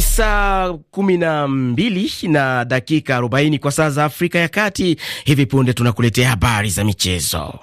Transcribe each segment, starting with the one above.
Ni saa kumi na mbili na dakika arobaini kwa saa za Afrika ya Kati. Hivi punde tunakuletea habari za michezo.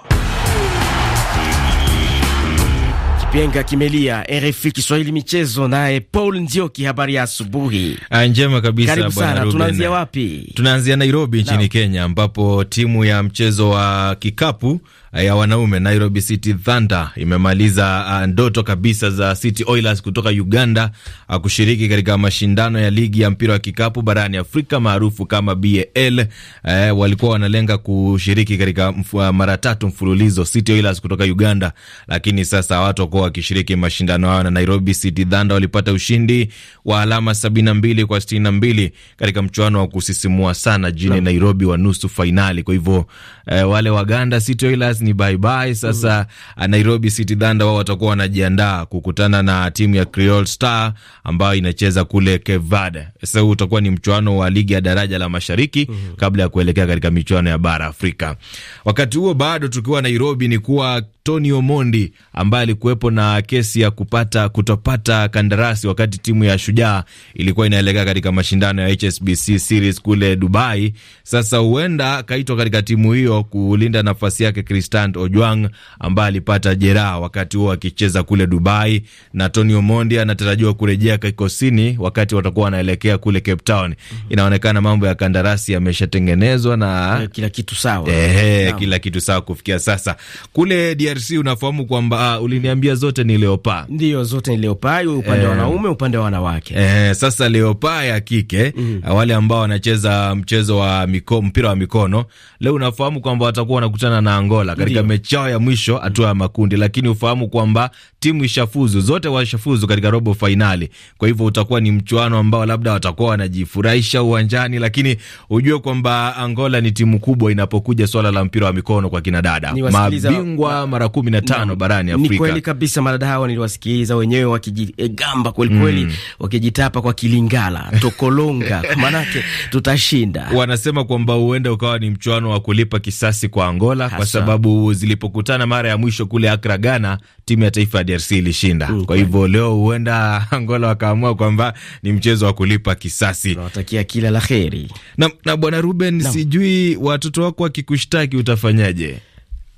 Kipenga kimelia, RFI Kiswahili michezo, naye Paul Nzioki, habari ya asubuhi. Ah, njema kabisa bwana Tunaanzia wapi? Tunaanzia Nairobi nchini Kenya ambapo timu ya mchezo wa kikapu ya wanaume Nairobi City Thunder imemaliza uh, ndoto kabisa za City Oilers kutoka Uganda uh, kushiriki katika mashindano ya ligi ya mpira wa kikapu barani Afrika maarufu kama BAL. Uh, eh, walikuwa wanalenga kushiriki katika uh, mara tatu mfululizo City Oilers kutoka Uganda, lakini sasa watu hawatakuwa wakishiriki mashindano hayo, na Nairobi City Thunder walipata ushindi wa alama 72 kwa 62 katika mchuano wa kusisimua sana jini Nairobi wa nusu fainali. Kwa hivyo uh, wale Waganda City Oilers ni bye bye. Sasa mm. Uh, Nairobi City Thunder wao watakuwa wanajiandaa kukutana na timu ya Creole Star ambayo inacheza kule Kevada. Sasa huu utakuwa ni mchuano wa ligi ya daraja la Mashariki mm. kabla ya kuelekea katika michuano ya bara Afrika. Wakati huo bado tukiwa Nairobi ni kuwa Tony Omondi ambaye alikuwepo na kesi ya kupata kutopata kandarasi wakati timu ya Shujaa ilikuwa inaelekea katika mashindano ya HSBC Series kule Dubai. Sasa huenda akaitwa katika timu hiyo kulinda nafasi yake Christian Ojwang ambaye alipata jeraha wakati huo akicheza kule Dubai, na Tony Omondi anatarajiwa kurejea kikosini wakati watakuwa wanaelekea kule Cape Town. Mhm. Inaonekana mambo ya kandarasi yameshatengenezwa na eh, kila kitu sawa, ehe, kila kitu sawa kufikia sasa kule DR DRC unafahamu kwamba uh, uliniambia zote ni leopa, ndio zote ni leopa, upande wa eh. wanaume, upande wa wanawake. Eh, sasa leopa ya kike mm -hmm. wale ambao wanacheza mchezo wa miko, mpira wa mikono leo, unafahamu kwamba watakuwa wanakutana na Angola katika mechi yao ya mwisho hatua ya makundi, lakini ufahamu kwamba timu ishafuzu zote, washafuzu katika robo fainali. Kwa hivyo utakuwa ni mchuano ambao labda watakuwa wanajifurahisha uwanjani, lakini ujue kwamba Angola ni timu kubwa inapokuja swala la mpira wa mikono kwa kinadada, mabingwa mara kumi na tano barani Afrika. Ni kweli kabisa, maradada hawa niliwasikiliza wenyewe wakijigamba kweli, mm, wakijitapa kwa kilingala tokolonga, manake tutashinda. Wanasema kwamba huenda ukawa ni mchuano wa kulipa kisasi kwa Angola Hasa, kwa sababu zilipokutana mara ya mwisho kule Akra, Ghana timu ya taifa ya DRC ilishinda. Mm, kwa hivyo leo huenda Angola wakaamua kwamba ni mchezo wa kulipa kisasi. Tunawatakia kila la heri. Na, na bwana Ruben na, sijui watoto wako wakikushtaki utafanyaje?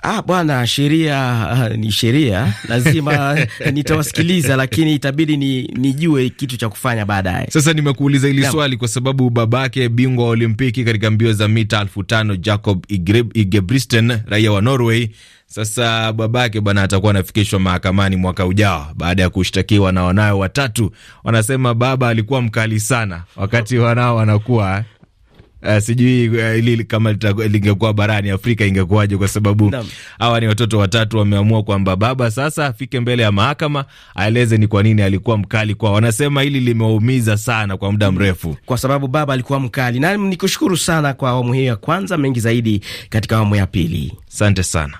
Ah, bwana, sheria ah, ni sheria, lazima nitawasikiliza, lakini itabidi ni, nijue kitu cha kufanya baadaye. Sasa nimekuuliza hili swali kwa sababu babake bingwa wa Olimpiki katika mbio za mita elfu tano Jacob Igebristen, raia wa Norway sasa babake bwana atakuwa anafikishwa mahakamani mwaka ujao baada ya kushtakiwa na wanawe watatu. Wanasema baba alikuwa mkali sana wakati wanao wanakuwa Uh, sijui uh, ili kama lingekuwa barani Afrika ingekuwaje, kwa sababu hawa ni watoto watatu wameamua kwamba baba sasa afike mbele ya mahakama aeleze ni kwa nini alikuwa mkali kwao. Wanasema hili limewaumiza sana kwa muda mrefu, kwa sababu baba alikuwa mkali. Na nikushukuru sana kwa awamu hiyo ya kwanza, mengi zaidi katika awamu ya pili. Asante sana.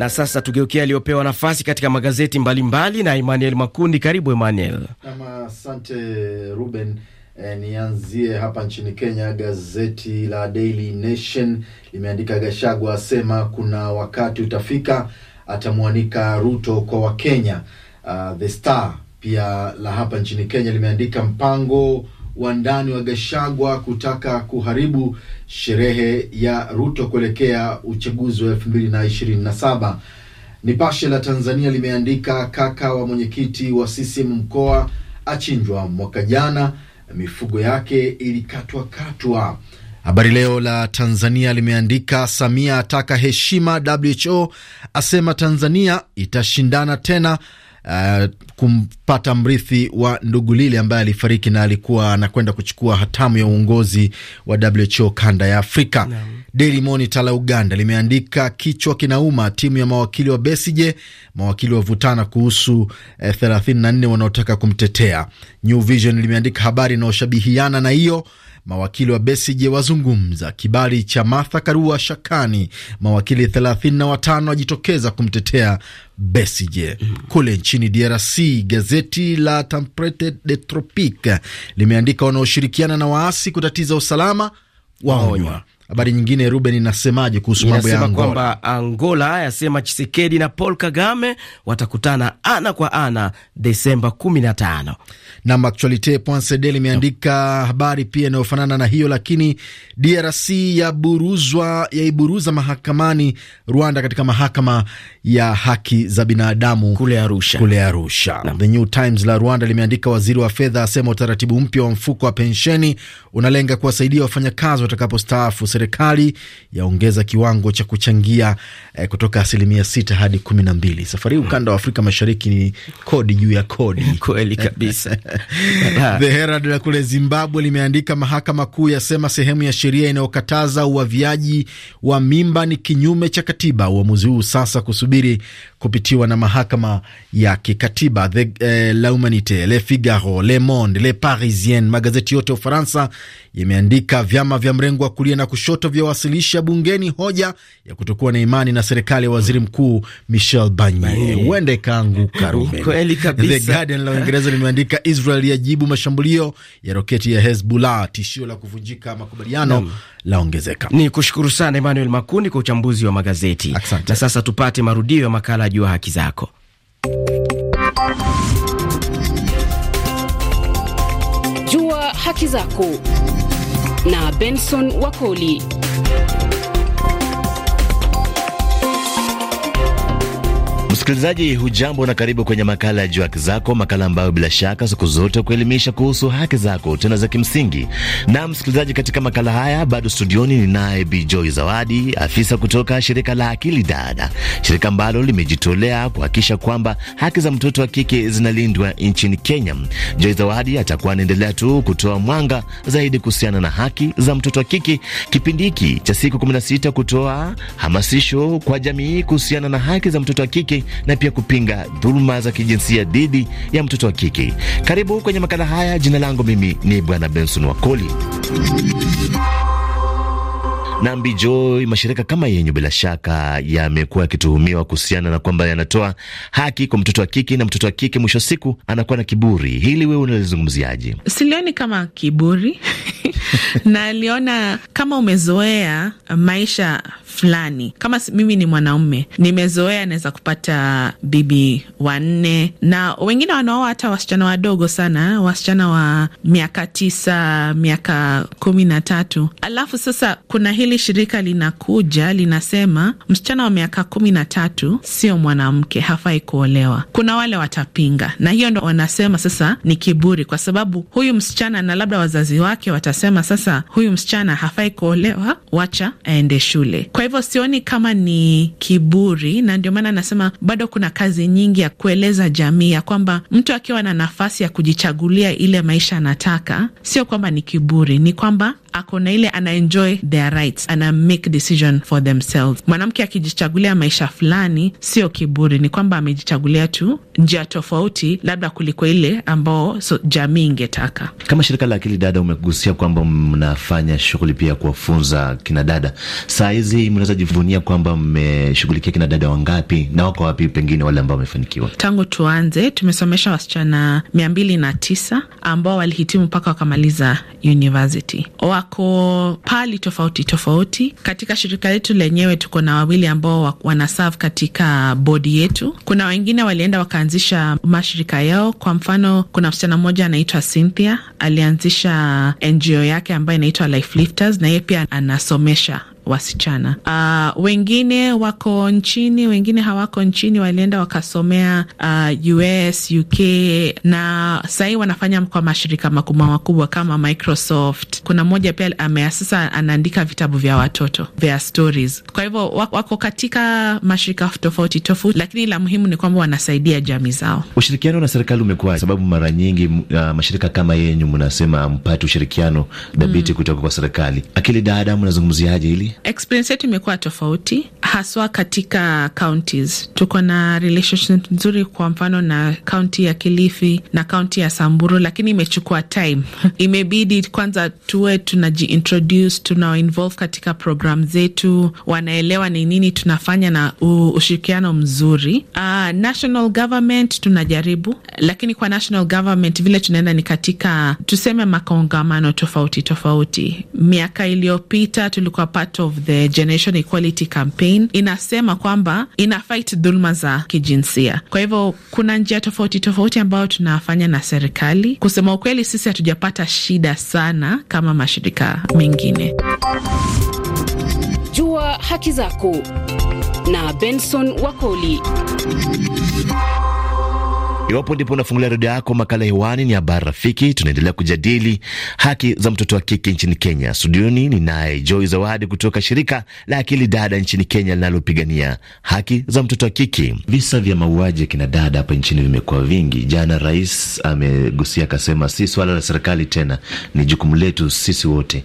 Na sasa tugeukia aliyopewa nafasi katika magazeti mbalimbali mbali na Emmanuel Makundi. Karibu Emmanuel. Asante Ruben. E, nianzie hapa nchini Kenya. Gazeti la Daily Nation limeandika Gashagwa asema kuna wakati utafika atamwanika Ruto kwa Wakenya. Uh, The Star pia la hapa nchini Kenya limeandika mpango wa ndani wa gashagwa kutaka kuharibu sherehe ya Ruto kuelekea uchaguzi wa elfu mbili na ishirini na saba. Nipashe la Tanzania limeandika kaka wa mwenyekiti wa CCM mkoa achinjwa mwaka jana, mifugo yake ilikatwa katwa. Habari Leo la Tanzania limeandika Samia ataka heshima WHO, asema Tanzania itashindana tena uh, kumpata mrithi wa ndugu lile ambaye alifariki na alikuwa anakwenda kuchukua hatamu ya uongozi wa WHO kanda ya Afrika no. Daily Monitor la Uganda limeandika kichwa kinauma, timu ya mawakili wa Besije, mawakili wavutana kuhusu eh, 34 wanaotaka kumtetea. New Vision limeandika habari inayoshabihiana na hiyo Mawakili wa besij wazungumza. Kibali cha Martha Karua shakani, mawakili 35 wajitokeza kumtetea besije Kule nchini DRC, gazeti la Tempete de Tropique limeandika wanaoshirikiana na waasi kutatiza usalama waonywa. Habari nyingine Ruben inasemaje kuhusu mambo ya Angola? Kwamba Angola yasema Chisekedi na Paul Kagame watakutana ana kwa ana Desemba 15. Na Actualite.cd limeandika no. habari pia inayofanana na hiyo, lakini DRC yaburuzwa yaiburuza mahakamani Rwanda katika mahakama ya haki za binadamu kule Arusha, kule Arusha. The New Times la Rwanda limeandika waziri wa fedha asema utaratibu mpya wa mfuko wa pensheni unalenga kuwasaidia wafanyakazi watakapostaafu. Serikali yaongeza kiwango cha kuchangia eh, kutoka asilimia sita hadi kumi na mbili. Safari hii ukanda wa Afrika Mashariki ni kodi juu ya kodi kweli kabisa. The Herald la kule Zimbabwe limeandika mahakama kuu yasema sehemu ya sheria inayokataza uaviaji wa mimba ni kinyume cha katiba. Uamuzi huu sasa kusubiri kusubiri kupitiwa na mahakama ya kikatiba. The, eh, La Humanite, Le Figaro, Le Monde, Le Parisien, magazeti yote ya Ufaransa yameandika vyama vya mrengo wa kulia na kushoto vyawasilisha bungeni hoja ya kutokuwa na imani na serikali ya waziri mkuu Michel Barnier, huenda ikaanguka. The Guardian la Uingereza limeandika Israel yajibu mashambulio ya roketi ya Hezbollah, tishio la kuvunjika makubaliano laongezeka. Ni kushukuru sana Emmanuel Makundi kwa uchambuzi wa magazeti. Asante. Na sasa tupate marudio ya makala ya Jua Haki Zako. Jua Haki Zako na Benson Wakoli. Msikilizaji hujambo na karibu kwenye makala ya Jua Haki Zako, makala ambayo bila shaka siku zote kuelimisha kuhusu haki zako tena za kimsingi. Na msikilizaji, katika makala haya bado studioni ninaye Bi Joy Zawadi, afisa kutoka shirika la Akili Dada, shirika ambalo limejitolea kuhakikisha kwamba haki za mtoto wa kike zinalindwa nchini Kenya. Joy Zawadi atakuwa anaendelea tu kutoa mwanga zaidi kuhusiana na haki za mtoto wa kike kipindi hiki cha siku 16 kutoa hamasisho kwa jamii kuhusiana na haki za mtoto wa kike na pia kupinga dhuluma za kijinsia dhidi ya mtoto wa kike. Karibu kwenye makala haya. Jina langu mimi ni Bwana Benson Wakoli. Nambi Joy, mashirika kama yenyu bila shaka yamekuwa yakituhumiwa kuhusiana na kwamba yanatoa haki kwa mtoto wa kike, na mtoto wa kike mwisho wa siku anakuwa na kiburi. Hili wewe unalizungumziaje? Silioni kama kiburi na aliona kama umezoea maisha fulani, kama mimi ni mwanaume nimezoea, naweza kupata bibi wanne, na wengine wanaoa hata wasichana wadogo sana, wasichana wa miaka tisa, miaka kumi na tatu. Alafu sasa kuna hili shirika linakuja linasema msichana wa miaka kumi na tatu sio mwanamke, hafai kuolewa. Kuna wale watapinga, na hiyo ndo wanasema sasa ni kiburi, kwa sababu huyu msichana na labda wazazi wake watas wanasema sasa huyu msichana hafai kuolewa, wacha aende shule. Kwa hivyo sioni kama ni kiburi, na ndio maana anasema bado kuna kazi nyingi ya kueleza jamii ya kwamba mtu akiwa na nafasi ya kujichagulia ile maisha anataka, sio kwamba ni kiburi, ni kwamba ako na ile ana enjoy their rights, ana make decision for themselves. Mwanamke akijichagulia maisha fulani, sio kiburi, ni kwamba amejichagulia tu njia tofauti labda kuliko ile ambao so, jamii ingetaka. Kama shirika la Akili Dada, umegusia kwamba mnafanya shughuli pia ya kuwafunza kinadada. Saa hizi mnaweza jivunia kwamba mmeshughulikia kinadada wangapi na wako wapi, pengine wale ambao wamefanikiwa? Tangu tuanze tumesomesha wasichana mia mbili na tisa ambao walihitimu mpaka wakamaliza university wako pali tofauti tofauti. Katika shirika letu lenyewe tuko na wawili ambao wanaserve katika bodi yetu. Kuna wengine walienda wakaanzisha mashirika yao. Kwa mfano, kuna msichana mmoja anaitwa Cynthia alianzisha NGO yake ambayo inaitwa Life Lifters, na yeye pia anasomesha wasichana. Uh, wengine wako nchini, wengine hawako nchini, walienda wakasomea uh, US, UK na sahii wanafanya kwa mashirika makubwa makubwa kama Microsoft. Kuna mmoja pia ameasisa, anaandika vitabu vya watoto vya stories. Kwa hivyo wako katika mashirika tofauti tofauti, lakini la muhimu ni kwamba wanasaidia jamii zao. Ushirikiano na serikali umekuwa sababu, mara nyingi uh, mashirika kama yenyu mnasema mpate ushirikiano dhabiti mm, kutoka kwa serikali. Akili Dada, mnazungumziaje hili? Experience yetu imekuwa tofauti, haswa katika counties. Tuko na relationship nzuri, kwa mfano na kaunti ya Kilifi na kaunti ya Samburu, lakini imechukua time imebidi kwanza tuwe tunajiintroduce, tunawainvolve katika program zetu, wanaelewa ni nini tunafanya na ushirikiano mzuri. Uh, national government tunajaribu, lakini kwa national government vile tunaenda ni katika tuseme makongamano tofauti tofauti. Miaka iliyopita tulikuwa pato of the Generation Equality Campaign inasema kwamba ina fight dhuluma za kijinsia. Kwa hivyo kuna njia tofauti tofauti ambayo tunafanya na serikali. Kusema ukweli, sisi hatujapata shida sana kama mashirika mengine. Jua haki zako na Benson Wakoli. Iwapo ndipo unafungulia redio yako, makala hewani ni habari rafiki. Tunaendelea kujadili haki za mtoto wa kike nchini Kenya. Studioni ni naye Joy Zawadi kutoka shirika la Akili Dada nchini Kenya linalopigania haki za mtoto wa kike. Visa vya mauaji ya kina dada hapa nchini vimekuwa vingi. Jana rais amegusia akasema, si swala la serikali tena, ni jukumu letu sisi wote.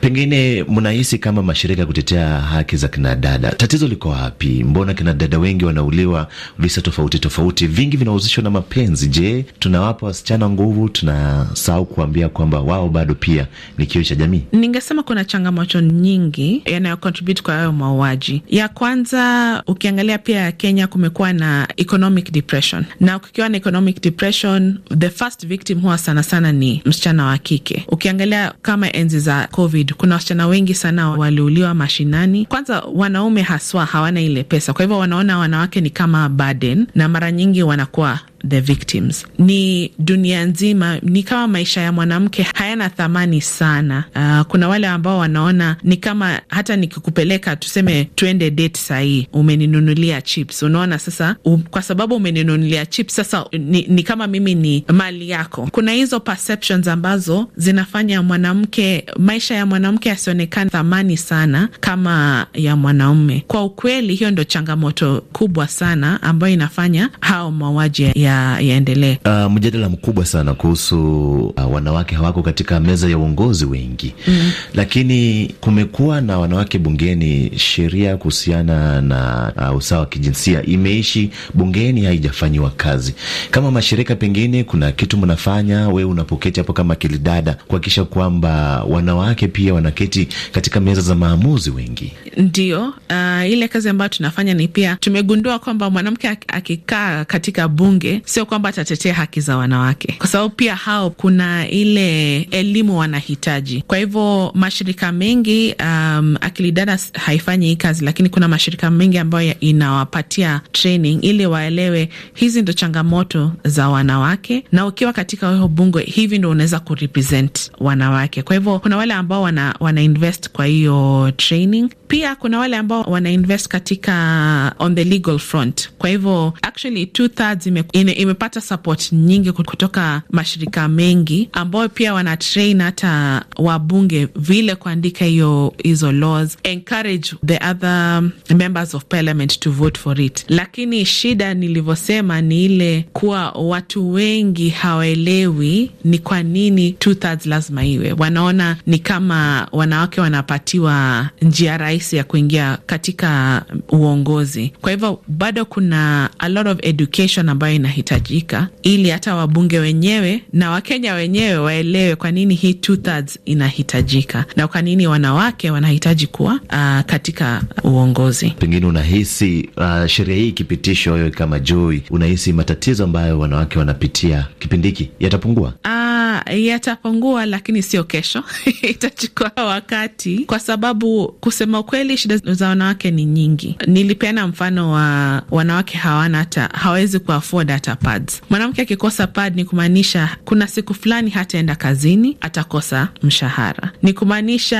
Pengine mnahisi kama mashirika ya kutetea haki za kina dada, tatizo liko wapi? Mbona kina dada wengi wanauliwa, visa tofauti tofauti, vingi vinahusishwa na mapenzi, je, tunawapa wasichana nguvu, tunasahau kuambia kwamba wao bado pia ni kioo cha jamii? Ningesema kuna changamoto nyingi yanayo kwa hayo mauaji. Ya kwanza, ukiangalia pia Kenya kumekuwa na economic depression, na ukikiwa na economic depression, the first victim huwa sana sana ni msichana wa kike. Ukiangalia kama enzi za COVID, kuna wasichana wengi sana waliuliwa mashinani. Kwanza wanaume haswa hawana ile pesa, kwa hivyo wanaona wanawake ni kama burden, na mara nyingi wanakuwa the victims. Ni dunia nzima, ni kama maisha ya mwanamke hayana thamani sana. Uh, kuna wale ambao wanaona ni kama hata nikikupeleka tuseme tuende date sahii, umeninunulia chips, unaona sasa um, kwa sababu umeninunulia chips sasa ni, ni kama mimi ni mali yako. Kuna hizo perceptions ambazo zinafanya mwanamke, maisha ya mwanamke yasionekana thamani sana kama ya mwanaume. Kwa ukweli, hiyo ndo changamoto kubwa sana ambayo inafanya hao mauaji ya yaendelee. Ya uh, mjadala mkubwa sana kuhusu uh, wanawake hawako katika meza ya uongozi wengi mm. Lakini kumekuwa na wanawake bungeni, sheria kuhusiana na uh, usawa wa kijinsia imeishi bungeni, haijafanyiwa kazi. Kama mashirika, pengine kuna kitu mnafanya wewe unapoketi hapo kama kilidada, kuhakikisha kwamba wanawake pia wanaketi katika meza za maamuzi wengi? ndio uh, ile kazi ambayo tunafanya ni pia tumegundua kwamba mwanamke akikaa katika bunge sio kwamba atatetea haki za wanawake, kwa sababu pia hao kuna ile elimu wanahitaji. Kwa hivyo mashirika mengi um, akili dada haifanyi hii kazi, lakini kuna mashirika mengi ambayo inawapatia training ili waelewe hizi ndo changamoto za wanawake, na ukiwa katika hiyo bunge hivi ndo unaweza kurepresent wanawake. Kwa hivyo kuna wale ambao wana, wana invest kwa hiyo training pia kuna wale ambao wana invest katika uh, on the legal front. Kwa hivyo actually two thirds ime, ine, imepata support nyingi kutoka mashirika mengi ambayo pia wana train hata wabunge vile kuandika hiyo hizo laws, encourage the other members of parliament to vote for it. Lakini shida nilivyosema ni ile kuwa watu wengi hawaelewi ni kwa nini two thirds lazima iwe, wanaona ni kama wanawake wanapatiwa njia rahisi rahisi ya kuingia katika uongozi. Kwa hivyo bado kuna a lot of education ambayo inahitajika ili hata wabunge wenyewe na Wakenya wenyewe waelewe kwa nini hii two thirds inahitajika na kwa nini wanawake wanahitaji kuwa uh, katika uongozi. Pengine unahisi uh, sheria hii ikipitishwa, wewe kama Joy, unahisi matatizo ambayo wanawake wanapitia kipindi hiki yatapungua? Uh, yatapungua, lakini sio kesho itachukua wakati, kwa sababu kusema kweli shida za wanawake ni nyingi. Nilipeana mfano wa wanawake hawana hata hawawezi kuafford hata pads. Mwanamke akikosa pad ni kumaanisha kuna siku fulani hataenda kazini, atakosa mshahara. Ni kumaanisha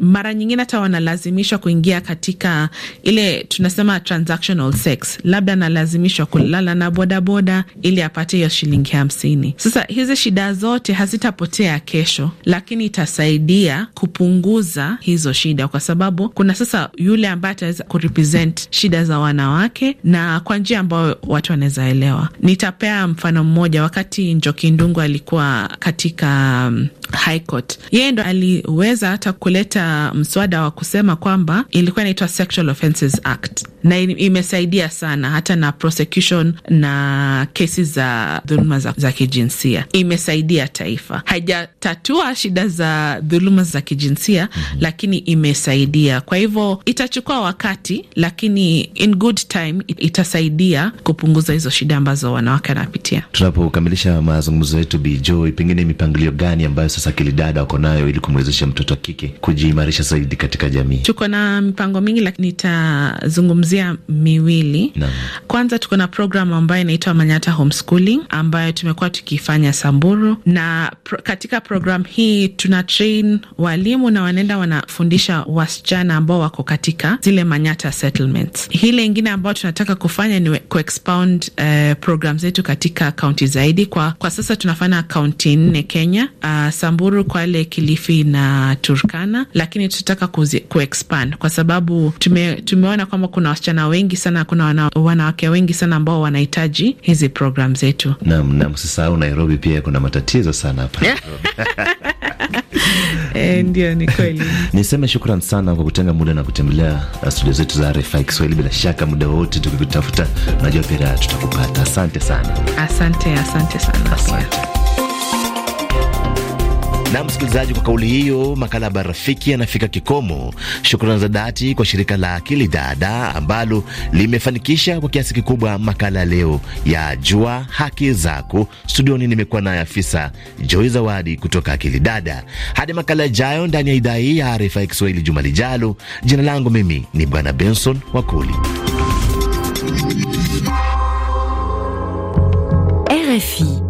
mara nyingine hata wanalazimishwa kuingia katika ile tunasema transactional sex, labda analazimishwa kulala na bodaboda ili apate hiyo shilingi hamsini. Sasa hizi shida zote hazitapotea kesho, lakini itasaidia kupunguza hizo shida kwa sababu kuna sasa yule ambaye ataweza kurepresent shida za wanawake na kwa njia ambayo watu wanaweza elewa. Nitapea mfano mmoja. Wakati Njoki Ndungu alikuwa katika um, High Court, yeye ndo aliweza hata kuleta mswada wa kusema kwamba ilikuwa inaitwa Sexual Offences Act na imesaidia sana hata na prosecution na kesi za dhuluma za, za kijinsia. Imesaidia taifa, haijatatua shida za dhuluma za kijinsia mm -hmm. Lakini imesaidia. Kwa hivyo itachukua wakati, lakini in good time itasaidia kupunguza hizo shida ambazo wanawake wanapitia. Tunapokamilisha mazungumzo yetu, Bijo, pengine mipangilio gani ambayo sasa kilidada wako nayo ili kumwezesha mtoto wa kike kujiimarisha zaidi katika jamii? Tuko na mipango mingi, lakini nitazungumza tutazungumzia miwili na. Kwanza tuko na programu ambayo inaitwa Manyata Homeschooling ambayo tumekuwa tukifanya Samburu, na pro katika programu hii tuna train walimu na wanaenda wanafundisha wasichana ambao wako katika zile Manyata settlements. Hile ingine ambayo tunataka kufanya ni kuexpound uh, eh, zetu katika kaunti zaidi. Kwa, kwa sasa tunafanya kaunti nne Kenya, uh, Samburu, Kwale, Kilifi na Turkana, lakini tunataka kuexpand kwa sababu tume, tumeona kwamba kuna wasichana wengi sana, kuna wana, wanawake wengi sana ambao wanahitaji hizi programu zetu. Naam, na msisahau Nairobi pia kuna matatizo sana hapa E, ndio ni kweli. Niseme shukran sana kwa kutenga muda na kutembelea uh, studio zetu za RFI Kiswahili. Bila shaka muda wote tukikutafuta, najua pia tutakupata. Asante sana, asante, asante sana, asante. Na msikilizaji, kwa kauli hiyo, makala ya barafiki yanafika kikomo. Shukrani za dhati kwa shirika la Akili Dada ambalo limefanikisha kwa kiasi kikubwa makala leo ya Jua Haki Zako. Studioni nimekuwa naye afisa Joy Zawadi kutoka Akili Dada. Hadi makala yajayo ndani ya idhaa hii ya RFI Kiswahili juma lijalo, jina langu mimi ni Bwana Benson Wakuli. RFI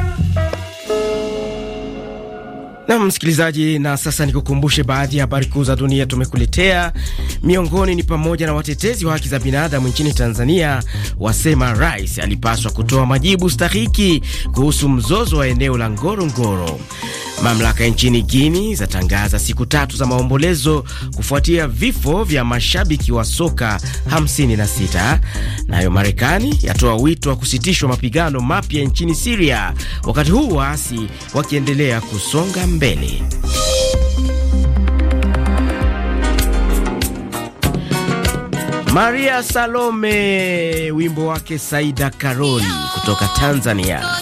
na msikilizaji, na sasa nikukumbushe baadhi ya habari kuu za dunia tumekuletea. Miongoni ni pamoja na watetezi wa haki za binadamu nchini Tanzania wasema rais alipaswa kutoa majibu stahiki kuhusu mzozo wa eneo la Ngorongoro. Mamlaka nchini Guini zatangaza siku tatu za maombolezo kufuatia vifo vya mashabiki wa soka 56. Nayo na Marekani yatoa wito wa kusitishwa mapigano mapya nchini Siria, wakati huu waasi wakiendelea kusonga mbele. Maria Salome, wimbo wake Saida Karoli kutoka Tanzania.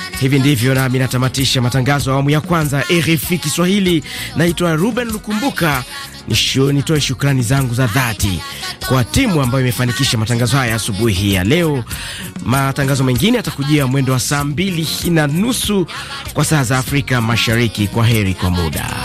Hivi ndivyo nami natamatisha matangazo ya awamu ya kwanza RFI Kiswahili. Naitwa Ruben Lukumbuka, nitoe shukrani zangu za dhati kwa timu ambayo imefanikisha matangazo haya asubuhi ya leo. Matangazo mengine yatakujia mwendo wa saa mbili na nusu kwa saa za Afrika Mashariki. Kwa heri kwa muda.